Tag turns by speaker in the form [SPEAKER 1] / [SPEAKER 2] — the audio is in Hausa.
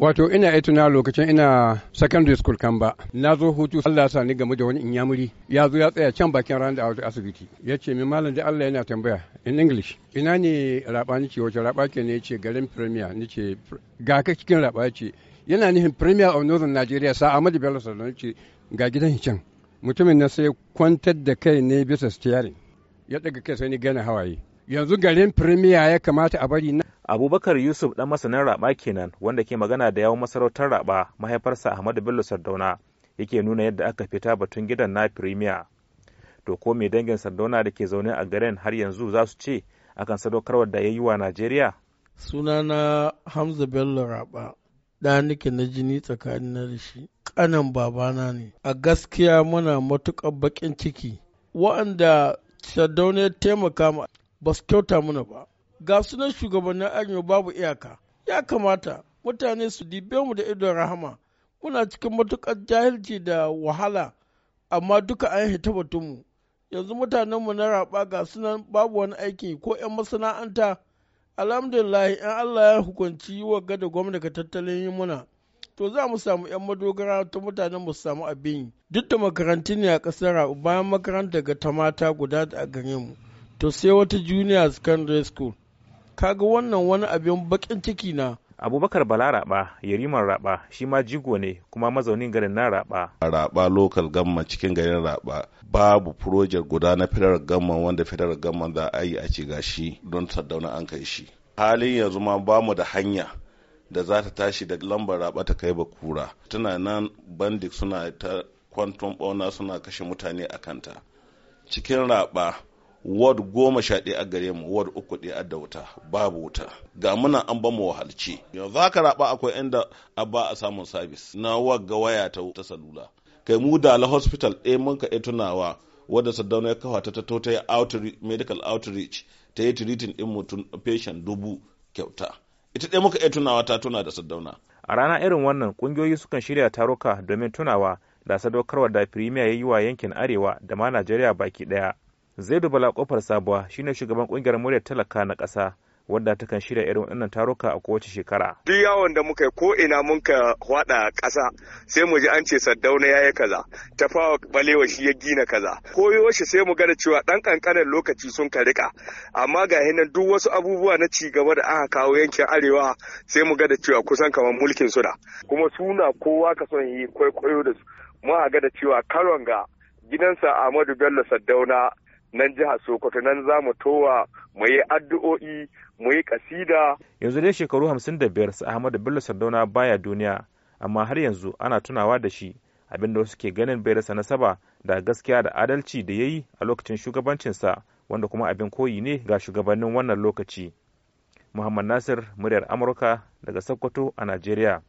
[SPEAKER 1] Wato ina ya tuna lokacin ina secondary school kan ba. Na zo hutu Allah ya sani game da wani inyamuri. Ya zo ya tsaya can bakin ran da a asibiti. Ya ce min malam da Allah yana tambaya in English. Ina ne raba ni ce wace raba ke ne ce garin Premier ni ce ga ka cikin raba ce. Yana nihin Premier of Northern Nigeria sa Ahmadu Bello alaihi ce ga gidan can. Mutumin na sai kwantar da kai ne bisa steering. Ya daga kai sai ni gane hawaye. Yanzu
[SPEAKER 2] garin Premier ya kamata a bari na abubakar yusuf ɗan masanin raba kenan wanda ke magana da yawon masarautar raba mahaifarsa ahmadu bello sardauna yake nuna yadda aka fita batun gidan na firimiya to ko me dangin sardauna da ke zaune a garin har yanzu za su ce akan sadaukarwar da ya yi wa najeriya
[SPEAKER 3] sunana hamza bello raba da nake na jini tsakanin na da shi kanan babana ne a gaskiya muna matuƙar baƙin ciki wa'anda sardauna ya taimaka ba su kyauta mana ba ga sunan shugabannin arewa babu iyaka ya kamata mutane su dibe mu da idon rahama muna cikin matukar jahilci da wahala amma duka an hita batunmu yanzu mutanenmu na raba ga sunan babu wani aiki ko 'yan masana'anta alhamdulillah in allah ya hukunci wa gada gwamnati tattalin yi muna to za mu samu 'yan madogara ta mutanen mu samu abin duk da makarantu ne a ƙasar bayan makaranta ga ta mata guda a gare mu to sai wata junior secondary school kaga wannan wani abin bakin ciki na abubakar bala raba
[SPEAKER 2] yariman raba shi ma jigo ne kuma mazaunin garin na raba
[SPEAKER 4] raba lokal gamma cikin garin raba babu furojar guda na fidar gamma wanda fidar gamma za a yi a ci gashi don sardauna an kai shi halin yanzu ma bamu da hanya da za ta tashi da lambar raba ta kai bakura tana nan bandit suna ta kwanton bauna suna kashe mutane a kanta cikin raba ward goma sha ɗaya a gare mu ward uku ɗaya da wuta babu wuta ga muna an ba mu wahalci yanzu ka raba akwai inda a ba a samun sabis na wagga waya ta ta salula kai mu da hospital ɗaya eh, mun ka tunawa wadda Saddauna ya kafa ta tato ta medical outreach ta yi treating ɗin mutum patient dubu kyauta ita ɗaya muka iya tunawa ta tuna da Saddauna.
[SPEAKER 2] A rana irin wannan kungiyoyi sukan shirya taruka domin tunawa da sadaukarwa da firimiya ya yi wa yankin arewa da ma Najeriya baki ɗaya. zaidu bala kofar sabuwa shine shugaban kungiyar muryar talaka na ƙasa wadda kan shirya irin wannan taruka a kowace shekara.
[SPEAKER 5] Duk yawon da muka yi ko ina mun ka hwada ƙasa sai mu ji an ce Saddauna ya yi kaza, tafawa balewa shi ya gina kaza. ko yaushe sai mu gada cewa ɗan ƙanƙanin lokaci sun ka riƙa, amma ga hinan duk wasu abubuwa na ci gaba da aka kawo yankin arewa sai mu gada cewa kusan kamar mulkin su Kuma suna kowa ka son yi kwaikwayo da su. Mu a gada cewa karon ga gidansa Ahmadu Bello Saddauna nan jihar Sokoto nan za mu towa mu yi addu'o'i mu yi kasida.
[SPEAKER 2] Yanzu dai shekaru hamsin da biyar su Ahmadu Bello Sardauna baya duniya amma har yanzu ana tunawa da shi abinda wasu ke ganin bai rasa nasaba da gaskiya da adalci da ya yi a lokacin shugabancinsa wanda kuma abin koyi ne ga shugabannin wannan lokaci. Muhammad Nasir, muryar Amurka daga Sokoto a Najeriya.